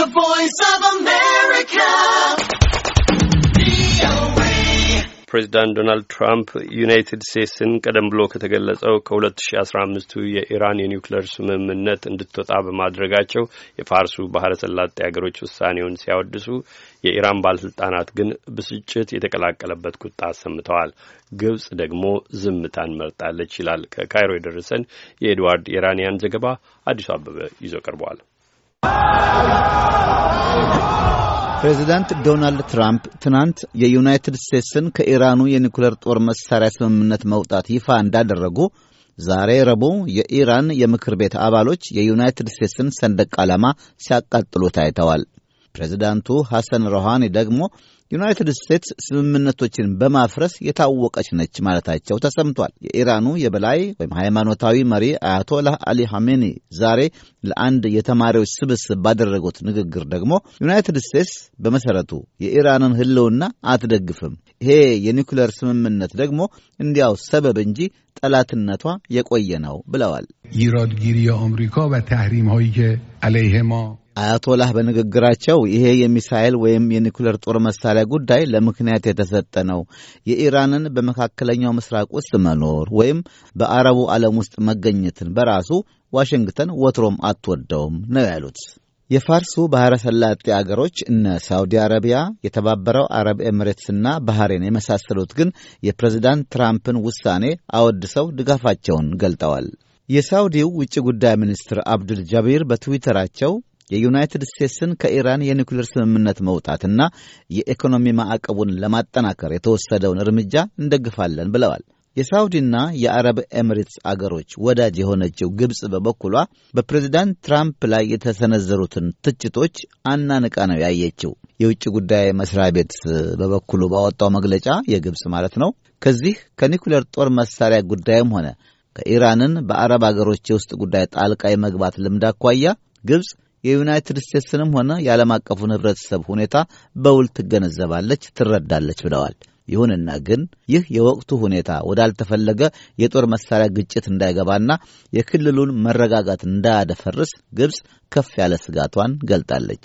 The Voice of America. ፕሬዚዳንት ዶናልድ ትራምፕ ዩናይትድ ስቴትስን ቀደም ብሎ ከተገለጸው ከ2015ቱ የኢራን የኒውክሌር ስምምነት እንድትወጣ በማድረጋቸው የፋርሱ ባህረ ሰላጤ ሀገሮች ውሳኔውን ሲያወድሱ የኢራን ባለስልጣናት ግን ብስጭት የተቀላቀለበት ቁጣ አሰምተዋል። ግብጽ ደግሞ ዝምታን መርጣለች ይላል ከካይሮ የደረሰን የኤድዋርድ ኢራንያን ዘገባ። አዲሱ አበበ ይዞ ቀርቧል። ፕሬዚዳንት ዶናልድ ትራምፕ ትናንት የዩናይትድ ስቴትስን ከኢራኑ የኒኩሌር ጦር መሳሪያ ስምምነት መውጣት ይፋ እንዳደረጉ ዛሬ ረቡዕ የኢራን የምክር ቤት አባሎች የዩናይትድ ስቴትስን ሰንደቅ ዓላማ ሲያቃጥሉ ታይተዋል። ፕሬዚዳንቱ ሐሰን ሮሃኒ ደግሞ ዩናይትድ ስቴትስ ስምምነቶችን በማፍረስ የታወቀች ነች ማለታቸው ተሰምቷል። የኢራኑ የበላይ ወይም ሃይማኖታዊ መሪ አያቶላህ አሊ ሐሜኒ ዛሬ ለአንድ የተማሪዎች ስብስብ ባደረጉት ንግግር ደግሞ ዩናይትድ ስቴትስ በመሠረቱ የኢራንን ሕልውና አትደግፍም፣ ይሄ የኒውክሌር ስምምነት ደግሞ እንዲያው ሰበብ እንጂ ጠላትነቷ የቆየ ነው ብለዋል። አያቶላህ በንግግራቸው ይሄ የሚሳኤል ወይም የኒኩሌር ጦር መሳሪያ ጉዳይ ለምክንያት የተሰጠ ነው። የኢራንን በመካከለኛው ምስራቅ ውስጥ መኖር ወይም በአረቡ ዓለም ውስጥ መገኘትን በራሱ ዋሽንግተን ወትሮም አትወደውም ነው ያሉት። የፋርሱ ባሕረ ሰላጤ አገሮች እነ ሳውዲ አረቢያ፣ የተባበረው አረብ ኤምሬትስና ባህሬን የመሳሰሉት ግን የፕሬዚዳንት ትራምፕን ውሳኔ አወድሰው ድጋፋቸውን ገልጠዋል። የሳውዲው ውጭ ጉዳይ ሚኒስትር አብዱል ጃቢር በትዊተራቸው የዩናይትድ ስቴትስን ከኢራን የኒውክሌር ስምምነት መውጣትና የኢኮኖሚ ማዕቀቡን ለማጠናከር የተወሰደውን እርምጃ እንደግፋለን ብለዋል። የሳውዲና የአረብ ኤምሬትስ አገሮች ወዳጅ የሆነችው ግብፅ በበኩሏ በፕሬዚዳንት ትራምፕ ላይ የተሰነዘሩትን ትችቶች አናንቃ ነው ያየችው። የውጭ ጉዳይ መስሪያ ቤት በበኩሉ ባወጣው መግለጫ የግብፅ ማለት ነው ከዚህ ከኒኩሌር ጦር መሳሪያ ጉዳይም ሆነ ከኢራንን በአረብ አገሮች የውስጥ ጉዳይ ጣልቃ የመግባት ልምድ አኳያ ግብፅ የዩናይትድ ስቴትስንም ሆነ የዓለም አቀፉን ህብረተሰብ ሁኔታ በውል ትገነዘባለች፣ ትረዳለች ብለዋል። ይሁንና ግን ይህ የወቅቱ ሁኔታ ወዳልተፈለገ የጦር መሳሪያ ግጭት እንዳይገባና የክልሉን መረጋጋት እንዳያደፈርስ ግብፅ ከፍ ያለ ስጋቷን ገልጣለች።